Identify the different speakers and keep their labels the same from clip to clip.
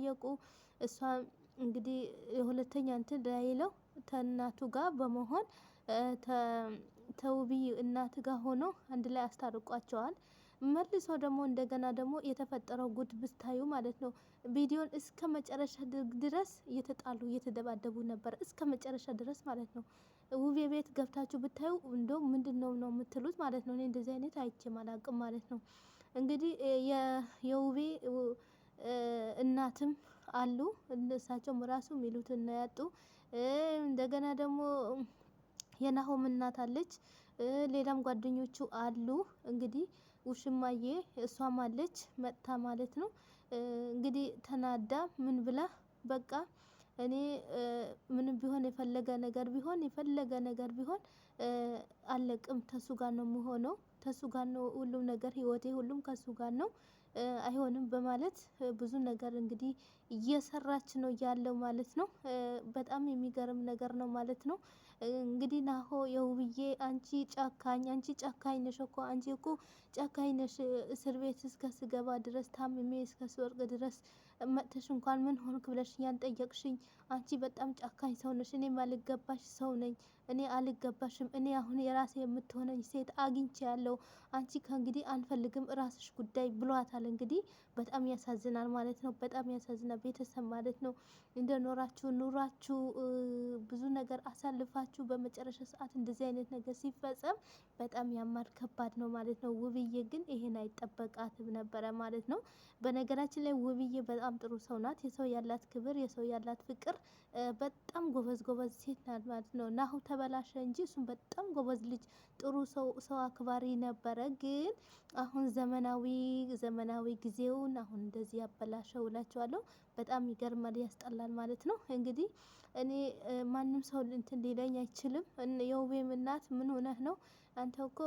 Speaker 1: ሲጠየቁ እሷ እንግዲህ የሁለተኛ እንትን ዳይለው ተእናቱ ጋር በመሆን ተውብይ እናት ጋር ሆኖ አንድ ላይ አስታርቋቸዋል። መልሶ ደግሞ እንደገና ደግሞ የተፈጠረው ጉድ ብታዩ ማለት ነው። ቪዲዮን እስከ መጨረሻ ድረስ እየተጣሉ እየተደባደቡ ነበር፣ እስከ መጨረሻ ድረስ ማለት ነው። ውቤ ቤት ገብታችሁ ብታዩ እንደ ምንድን ነው ነው የምትሉት ማለት ነው። እኔ እንደዚህ አይነት አይቼ አላቅም ማለት ነው። እንግዲህ የውቤ እናትም አሉ እሳቸውም ራሱ የሚሉትን እናያጡ እንደገና ደግሞ የናሆም እናት አለች። ሌላም ጓደኞቹ አሉ። እንግዲህ ውሽማዬ እሷም አለች መጥታ ማለት ነው። እንግዲህ ተናዳ ምን ብላ በቃ እኔ ምንም ቢሆን የፈለገ ነገር ቢሆን የፈለገ ነገር ቢሆን አለቅም፣ ተሱ ጋር ነው የምሆነው፣ ተሱ ጋር ነው ሁሉም ነገር ህይወቴ፣ ሁሉም ከሱ ጋር ነው አይሆንም በማለት ብዙ ነገር እንግዲህ እየሰራች ነው ያለው ማለት ነው። በጣም የሚገርም ነገር ነው ማለት ነው። እንግዲህ ናሆ የውብዬ አንቺ ጨካኝ አንቺ ጨካኝ ነሽ እኮ አንቺ እኮ ጨካኝ ነሽ። እስር ቤት እስከ ስገባ ድረስ ታምሜ እስከ ስወርቅ ድረስ መጥተሽ እንኳን ምን ሆንክ ብለሽ ያን ጠየቅሽኝ። አንቺ በጣም ጨካኝ ሰው ነሽ። እኔም አልገባሽ ሰው ነኝ እኔ አልገባሽም፣ እኔ አሁን የራሴ የምትሆነኝ ሴት አግኝቼ ያለው አንቺ ከእንግዲህ አንፈልግም ራስሽ ጉዳይ ብሏታል። እንግዲህ በጣም ያሳዝናል ማለት ነው። በጣም ያሳዝናል ቤተሰብ ማለት ነው። እንደኖራችሁ ኑሯችሁ ብዙ ነገር አሳልፋችሁ በመጨረሻ ሰዓት እንደዚህ አይነት ነገር ሲፈጸም በጣም ያማል፣ ከባድ ነው ማለት ነው። ውብዬ ግን ይሄን አይጠበቃትም ነበረ ማለት ነው። በነገራችን ላይ ውብዬ በጣም ጥሩ ሰው ናት። የሰው ያላት ክብር፣ የሰው ያላት ፍቅር፣ በጣም ጎበዝ ጎበዝ ሴት ናት ማለት ነው ናሁ ተበላሸ እንጂ እሱም በጣም ጎበዝ ልጅ፣ ጥሩ ሰው፣ አክባሪ ነበረ። ግን አሁን ዘመናዊ ዘመናዊ ጊዜውን አሁን እንደዚህ ያበላሸ ውላቸዋለሁ። በጣም ይገርማል፣ ያስጠላል ማለት ነው። እንግዲህ እኔ ማንም ሰው እንትን ሊለኝ አይችልም። የውቤም እናት ምን ሆነህ ነው አንተ እኮ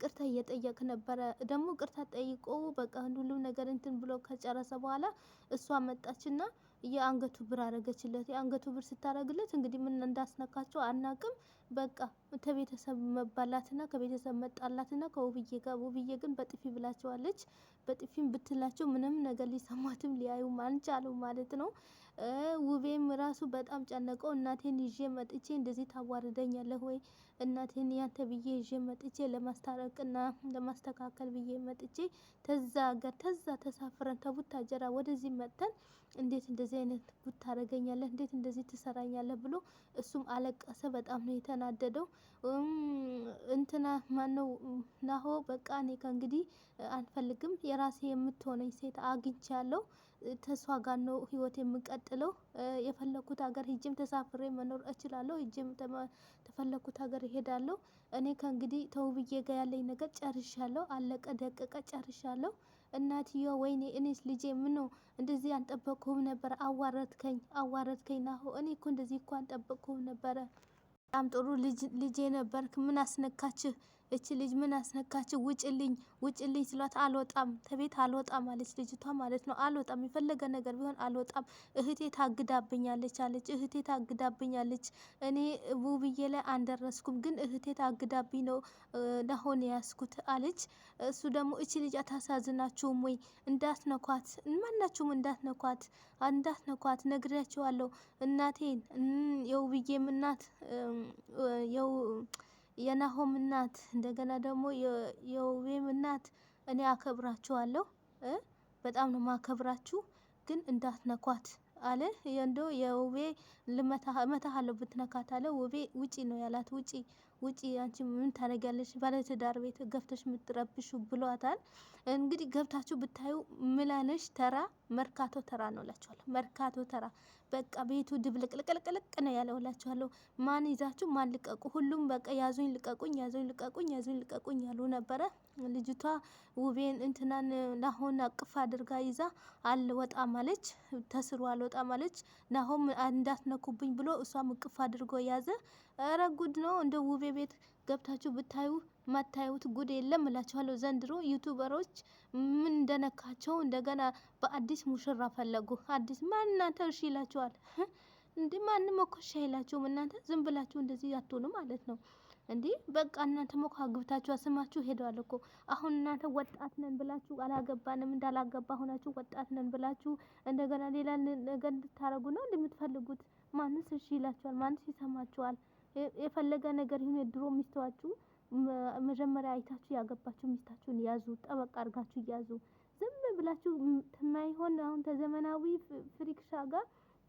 Speaker 1: ቅርታ እየጠየቅ ነበረ። ደግሞ ቅርታ ጠይቆ በቃ ሁሉም ነገር እንትን ብሎ ከጨረሰ በኋላ እሷ መጣችና የአንገቱ ብር አረገችለት። የአንገቱ ብር ስታረግለት እንግዲህ ምን እንዳስነካቸው አናቅም። በቃ ከቤተሰብ መባላትና ከቤተሰብ መጣላትና ከውብዬ ጋር ውብዬ ግን በጥፊ ብላቸዋለች። በጥፊም ብትላቸው ምንም ነገር ሊሰማትም ሊያዩም አልቻሉ ማለት ነው። ውቤም ራሱ በጣም ጨነቀው። እናቴን ይዤ መጥቼ እንደዚህ ታዋርደኛለህ ወይ እናትህን ያንተ ብዬ ይዤ መጥቼ ለማስታረቅና ለማስተካከል ብዬ መጥቼ ተዛ ሀገር ተዛ ተሳፍረን ተቡታጀራ ወደዚህ መጥተን እንዴት እንደዚህ አይነት ጉድ ታደርገኛለህ? እንዴት እንደዚህ ትሰራኛለህ? ብሎ እሱም አለቀሰ። በጣም ነው የተናደደው። እንትና ማነው ናሆ፣ በቃ እኔ ከእንግዲህ አንፈልግም፣ የራሴ የምትሆነኝ ሴት አግኝቻለሁ ተስፋ ጋር ነው ህይወት የምቀጥለው። የፈለኩት ሀገር ሂጅም ተሳፍሬ መኖር እችላለሁ። ሂጅም ተፈለኩት ሀገር እሄዳለሁ። እኔ ከእንግዲህ ተውብዬ ጋ ያለኝ ነገር ጨርሻለሁ። አለቀ ደቀቀ ጨርሻለሁ። እናትዮ ወይኔ እኔስ ልጄ ምን ነው እንደዚህ አንጠበቅኩም ነበር። አዋረድከኝ አዋረድከኝ ናሆ። እኔ እኮ እንደዚህ እኮ አንጠበቅኩም ነበረ። በጣም ጥሩ ልጄ ነበርክ። ምን አስነካችህ? እች ልጅ ምን አስነካችው? ውጭልኝ ውጭልኝ ስሏት አልወጣም፣ ከቤት አልወጣም አለች ልጅቷ ማለት ነው። አልወጣም የፈለገ ነገር ቢሆን አልወጣም፣ እህቴ ታግዳብኛለች አለች። እህቴ ታግዳብኛለች፣ እኔ ውብዬ ላይ አንደረስኩም፣ ግን እህቴ ታግዳብኝ ነው ለሆነ ያስኩት አለች። እሱ ደግሞ እች ልጅ አታሳዝናችሁም ወይ? እንዳትነኳት፣ ማናችሁም እንዳትነኳት፣ እንዳትነኳት ነግሪያችኋለሁ። እናቴን የውብዬም እናት የናሆም እናት እንደገና ደግሞ የውቤም እናት እኔ አከብራችኋለሁ፣ በጣም ነው ማከብራችሁ፣ ግን እንዳትነኳት አለ። የእንዶ የውቤ እመታሃለሁ ብትነካት አለ። ውቤ ውጪ ነው ያላት። ውጪ ውጪ፣ አንቺ ምን ታደርጊያለሽ? ባለትዳር ቤት ገብተሽ የምትረብሹ ብሏታል። እንግዲህ ገብታችሁ ብታዩ ምላነሽ ተራ መርካቶ ተራ ነው እላችኋለሁ። መርካቶ ተራ በቃ ቤቱ ድብልቅልቅልቅ ነው ያለው እላችኋለሁ። ማን ይዛችሁ ማን ልቀቁ፣ ሁሉም በቃ ያዙኝ ልቀቁኝ፣ ያዙኝ ልቀቁኝ፣ ያዙኝ ልቀቁኝ ያሉ ነበረ። ልጅቷ ውቤን እንትናን ናሆን አቅፍ አድርጋ ይዛ አልወጣ ማለች፣ ተስሩ አልወጣ ማለች። ናሆም እንዳትነኩብኝ ብሎ እሷም እቅፍ አድርጎ ያዘ። ረጉድ ነው እንደ ውቤ ቤት ገብታችሁ ብታዩ ማታዩት ጉድ የለም እላችኋለሁ። ዘንድሮ ዩቱበሮች ምን እንደነካቸው እንደገና በአዲስ ሙሽራ ፈለጉ። አዲስ ማን እናንተ እሺ ይላችኋል እንዴ? ማንም እኮ እሺ አይላችሁም። እናንተ ዝም ብላችሁ እንደዚህ ያትሆኑ ማለት ነው እንዴ? በቃ እናንተ ሞኮ አግብታችሁ አስማችሁ ሄደዋል እኮ። አሁን እናንተ ወጣት ነን ብላችሁ አላገባንም እንዳላገባ ሆናችሁ ወጣት ነን ብላችሁ እንደገና ሌላ ነገር እንድታረጉ ነው እንደምትፈልጉት። ማንስ እሺ ይላችኋል? ማንስ ይሰማችኋል? የፈለገ ነገር ይሁን የድሮ ሚስታችሁ መጀመሪያ አይታችሁ ያገባችሁ ሚስታችሁን ያዙ፣ ጠበቃ አድርጋችሁ ያዙ። ዝም ብላችሁ የማይሆን አሁን ተዘመናዊ ፍሪክሻ ጋር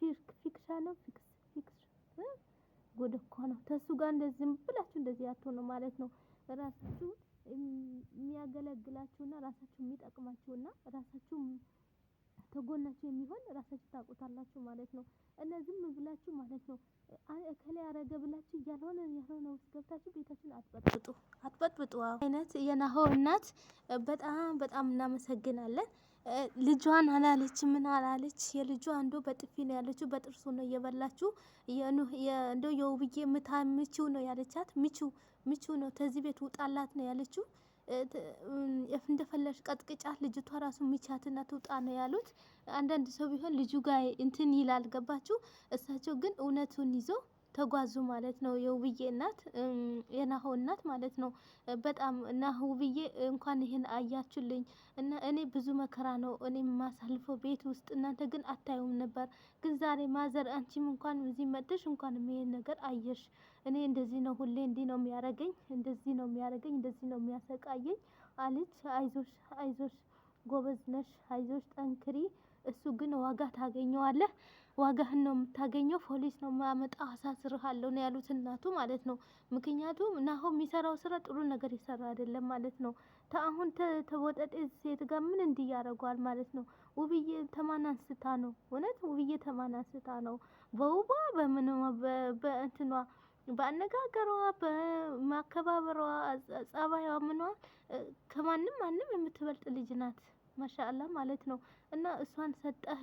Speaker 1: ፊክሻ ነው ፊክስ ጉድ እኮ ነው። ተሱ ጋር እንደዚህ ብላችሁ እንደዚህ አትሆኑ ማለት ነው። ራሳችሁ የሚያገለግላችሁና ራሳችሁ የሚጠቅማችሁና ራሳችሁ ተጎናችሁ የሚሆን ራሳችሁ ታውቁታላችሁ ማለት ነው። እና ዝም ብላችሁ ማለት ነው እከሌ ያረገ ብላችሁ እያልሆነ ያልሆነ ውስጥ ገብታችሁ ቤታችን አትበጥብጡ፣ አትበጥብጡ። አይነት የናሆ እናት በጣም በጣም እናመሰግናለን። ልጇን አላለች ምን አላለች። የልጇ እንዶ በጥፊ ነው ያለችው፣ በጥርሱ ነው እየበላችሁ እንዶ የውብዬ ምታ ምቺው ነው ያለቻት። ምቺው ምቺው ነው ተዚህ ቤት ውጣላት ነው ያለችው። እንደፈለሽ ቀጥቅጫት ልጅቷ ራሱ ሚቻትና ትውጣ ነው ያሉት። አንዳንድ ሰው ቢሆን ልጁ ጋር እንትን ይላል ገባችሁ። እሳቸው ግን እውነቱን ይዞ ተጓዙ ማለት ነው። የውብዬ እናት የናሆ እናት ማለት ነው። በጣም እና ውብዬ እንኳን ይህን አያችሁልኝ እና እኔ ብዙ መከራ ነው እኔ የማሳልፈው ቤት ውስጥ እናንተ ግን አታዩም ነበር። ግን ዛሬ ማዘር አንቺም እንኳን እዚህ መጥሽ እንኳን ይሄን ነገር አየሽ። እኔ እንደዚህ ነው ሁሌ እንዲህ ነው የሚያደርገኝ፣ እንደዚህ ነው የሚያደርገኝ፣ እንደዚህ ነው የሚያሰቃየኝ አለች። አይዞሽ አይዞሽ፣ ጎበዝ ነሽ፣ አይዞሽ ጠንክሪ እሱ ግን ዋጋ ታገኘዋለህ፣ ዋጋህን ነው የምታገኘው፣ ፖሊስ ነው ማመጣ አሳስርሃለሁ ነው ያሉት እናቱ ማለት ነው። ምክንያቱም ናሆ የሚሰራው ስራ ጥሩ ነገር ይሰራ አይደለም ማለት ነው። አሁን ተወጠጤ ሴት ጋር ምን እንዲህ ያደርገዋል ማለት ነው። ውብዬ ተማን አንስታ ነው እውነት፣ ውብዬ ተማን አንስታ ነው በውቧ በምን በእንትኗ በአነጋገሯ በማከባበሯ ጸባይዋ ምኗ ከማንም ማንም የምትበልጥ ልጅ ናት። ማሻአላ ማለት ነው። እና እሷን ሰጠህ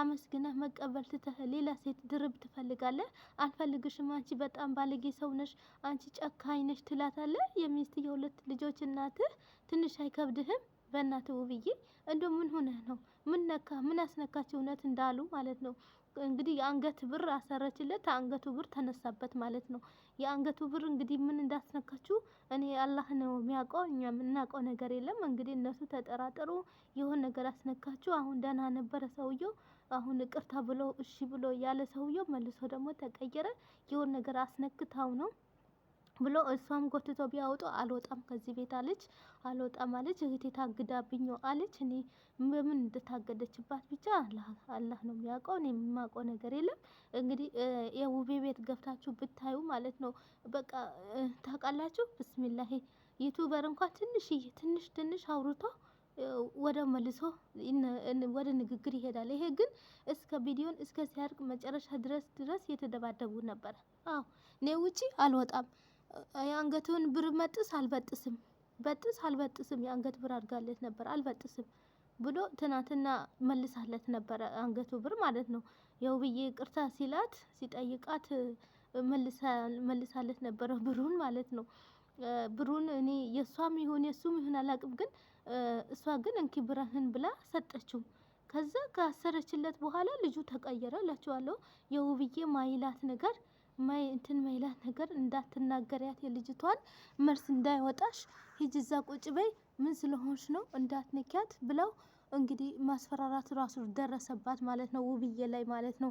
Speaker 1: አመስግነህ መቀበል ትተህ ሌላ ሴት ድርብ ትፈልጋለህ። አልፈልግሽም፣ አንቺ በጣም ባለጌ ሰው ነሽ፣ አንቺ ጨካኝ ነሽ ትላታለህ። የሚስት የሁለት ልጆች እናትህ ትንሽ አይከብድህም? በእናትህ ውብዬ እንደው ምን ሆነህ ነው? ምን ነካ? ምን አስነካች? እውነት እንዳሉ ማለት ነው እንግዲህ የአንገት ብር አሰረችለት። አንገቱ ብር ተነሳበት ማለት ነው። የአንገቱ ብር እንግዲህ ምን እንዳስነካችው እኔ አላህ ነው የሚያውቀው። እኛ የምናውቀው ነገር የለም። እንግዲህ እነሱ ተጠራጠሩ። የሆነ ነገር አስነካችው። አሁን ደህና ነበረ ሰውየው። አሁን ይቅርታ ብሎ እሺ ብሎ ያለ ሰውየው መልሶ ደግሞ ተቀየረ። የሆነ ነገር አስነክታው ነው ብሎ እሷም ጎትቶ ቢያወጡ አልወጣም ከዚህ ቤት አለች። አልወጣም አለች። እህቴ ታግዳብኝ አለች። እኔ በምን እንደታገደችባት ብቻ አላህ ነው የሚያውቀው። እኔ የማውቀው ነገር የለም። እንግዲህ የውቤ ቤት ገብታችሁ ብታዩ ማለት ነው በቃ ታውቃላችሁ። ብስሚላሂ ዩቱበር እንኳን ትንሽዬ ትንሽ ትንሽ አውርቶ ወደ መልሶ ወደ ንግግር ይሄዳል። ይሄ ግን እስከ ቪዲዮን እስከ ሲያርቅ መጨረሻ ድረስ ድረስ የተደባደቡ ነበረ። አዎ እኔ ውጪ አልወጣም የአንገቱን ብር መጥስ አልበጥስም በጥስ አልበጥስም የአንገት ብር አድርጋለት ነበር አልበጥስም ብሎ ትናንትና መልሳለት ነበረ። አንገቱ ብር ማለት ነው። የውብዬ ቅርታ ሲላት ሲጠይቃት መልሳለት ነበረ ብሩን ማለት ነው። ብሩን እኔ የእሷም ይሁን የእሱም ይሁን አላቅም፣ ግን እሷ ግን እንኪ ብርህን ብላ ሰጠችው። ከዛ ካሰረችለት በኋላ ልጁ ተቀየረ። ላችኋለሁ የውብዬ ማይላት ነገር እንትን ማይላት ነገር እንዳትናገሪያት የልጅቷን መልስ እንዳይወጣሽ ሂጂ እዛ ቁጭ በይ ምን ስለሆንሽ ነው እንዳትነኪያት ብለው እንግዲህ ማስፈራራት ራሱ ደረሰባት ማለት ነው ውብዬ ላይ ማለት ነው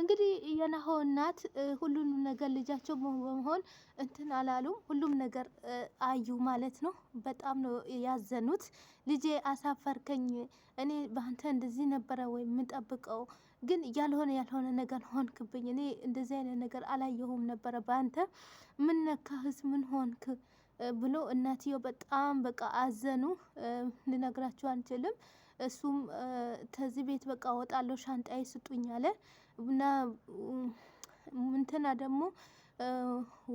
Speaker 1: እንግዲህ የናሆ እናት ሁሉንም ነገር ልጃቸው በመሆን እንትን አላሉም ሁሉም ነገር አዩ ማለት ነው በጣም ነው ያዘኑት ልጄ አሳፈርከኝ እኔ በአንተ እንደዚህ ነበረ ወይም የምንጠብቀው ግን ያልሆነ ያልሆነ ነገር ሆንክብኝ። እኔ እንደዚህ አይነት ነገር አላየሁም ነበረ በአንተ ምን ነካህስ? ምን ሆንክ? ብሎ እናትየው በጣም በቃ አዘኑ። ልነግራችሁ አንችልም። እሱም ከዚህ ቤት በቃ ወጣለሁ፣ ሻንጣይ ስጡኝ አለ እና ምንትና ደግሞ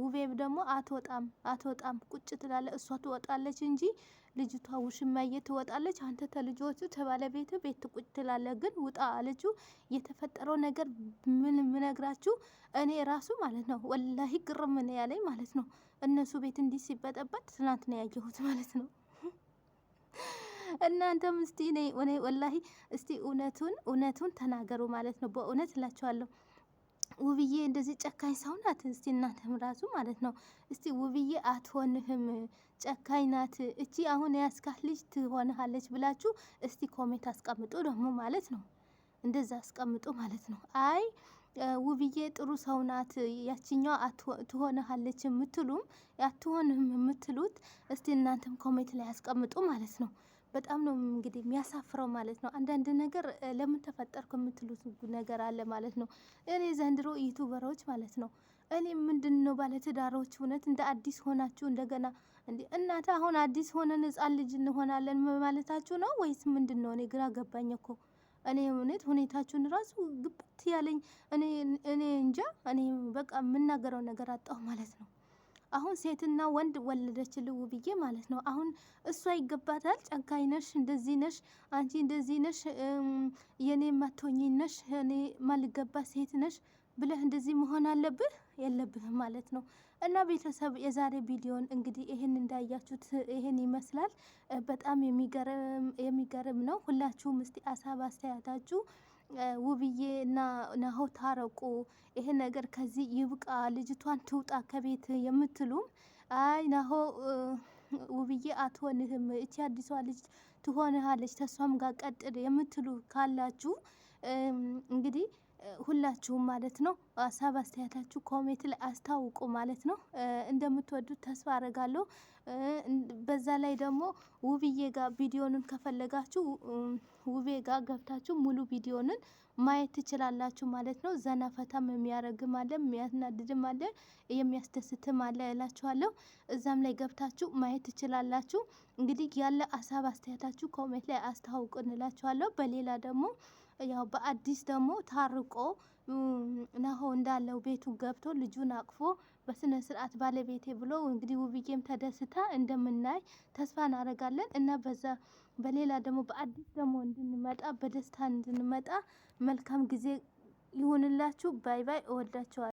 Speaker 1: ውቤም ደግሞ አትወጣም አትወጣም ቁጭ ትላለ፣ እሷ ትወጣለች እንጂ ልጅቷ ውሽማዬ ትወጣለች። አንተ ተልጆቹ ተባለቤቱ ቤት ቁጭ ትላለ። ግን ውጣ ልጁ የተፈጠረው ነገር ምን ምነግራችሁ እኔ ራሱ ማለት ነው ወላሂ ግርም ነው ያለኝ ማለት ነው። እነሱ ቤት እንዲህ ሲበጠበጥ ትናንት ነው ያየሁት ማለት ነው። እናንተም እስቲ ወላሂ እስቲ እውነቱን እውነቱን ተናገሩ ማለት ነው። በእውነት እላችኋለሁ። ውብዬ እንደዚህ ጨካኝ ሰው ናት? እስቲ እናንተም ራሱ ማለት ነው። እስቲ ውብዬ አትሆንህም፣ ጨካኝ ናት፣ እቺ አሁን ያስካት ልጅ ትሆንሃለች ብላችሁ እስቲ ኮሜንት አስቀምጡ ደግሞ ማለት ነው። እንደዛ አስቀምጡ ማለት ነው። አይ ውብዬ ጥሩ ሰው ናት፣ ያችኛው ትሆንሃለች የምትሉም አትሆንህም የምትሉት እስቲ እናንተም ኮሜንት ላይ አስቀምጡ ማለት ነው። በጣም ነው እንግዲህ የሚያሳፍረው ማለት ነው። አንዳንድ ነገር ለምን ተፈጠርኩ የምትሉት ነገር አለ ማለት ነው። እኔ ዘንድሮ ዩቱበሮች ማለት ነው እኔ ምንድን ነው ባለትዳሮች እውነት እንደ አዲስ ሆናችሁ እንደገና እናተ አሁን አዲስ ሆነን ህጻን ልጅ እንሆናለን ማለታችሁ ነው ወይስ ምንድን ነው? እኔ ግራ ገባኝ እኮ እኔ እውነት ሁኔታችሁን ራሱ ግብት ያለኝ እኔ እንጃ። እኔ በቃ የምናገረው ነገር አጣሁ ማለት ነው። አሁን ሴትና ወንድ ወለደችልው ብዬ ማለት ነው። አሁን እሷ ይገባታል። ጨካኝ ነሽ፣ እንደዚህ ነሽ፣ አንቺ እንደዚህ ነሽ፣ የኔ ማቶኝ ነሽ፣ እኔ ማልገባ ሴት ነሽ ብለህ እንደዚህ መሆን አለብህ የለብህም ማለት ነው። እና ቤተሰብ የዛሬ ቪዲዮን እንግዲህ ይህን እንዳያችሁት ይህን ይመስላል። በጣም የሚገርም ነው። ሁላችሁም እስቲ አሳብ አስተያየታችሁ ውብዬ እና ታረቁ፣ ይሄ ነገር ከዚህ ይብቃ፣ ልጅቷን ትውጣ ከቤት የምትሉም አይ ናሆም ውብዬ አትሆንህም፣ እቺ አዲሷ ልጅ ትሆንሃለች፣ ተሷም ጋር ቀጥል የምትሉ ካላችሁ እንግዲህ ሁላችሁም ማለት ነው ሀሳብ አስተያየታችሁ ኮሜንት ላይ አስታውቁ ማለት ነው። እንደምትወዱት ተስፋ አረጋለሁ። በዛ ላይ ደግሞ ውብዬ ጋር ቪዲዮንን ከፈለጋችሁ ውቤ ጋር ገብታችሁ ሙሉ ቪዲዮንን ማየት ትችላላችሁ ማለት ነው። ዘና ፈታም የሚያደርግም አለ፣ የሚያስናድድም አለ፣ የሚያስደስትም አለ እላችኋለሁ። እዛም ላይ ገብታችሁ ማየት ትችላላችሁ። እንግዲህ ያለ ሀሳብ አስተያየታችሁ ኮሜንት ላይ አስታውቁ እንላችኋለሁ። በሌላ ደግሞ ያው በአዲስ ደግሞ ታርቆ ናሆ እንዳለው ቤቱ ገብቶ ልጁን አቅፎ በስነ ስርዓት ባለቤቴ ብሎ እንግዲህ ውብዬም ተደስታ እንደምናይ ተስፋ እናደርጋለን እና በዛ በሌላ ደግሞ በአዲስ ደግሞ እንድንመጣ በደስታ እንድንመጣ መልካም ጊዜ ይሁንላችሁ። ባይ ባይ። እወዳችኋለሁ።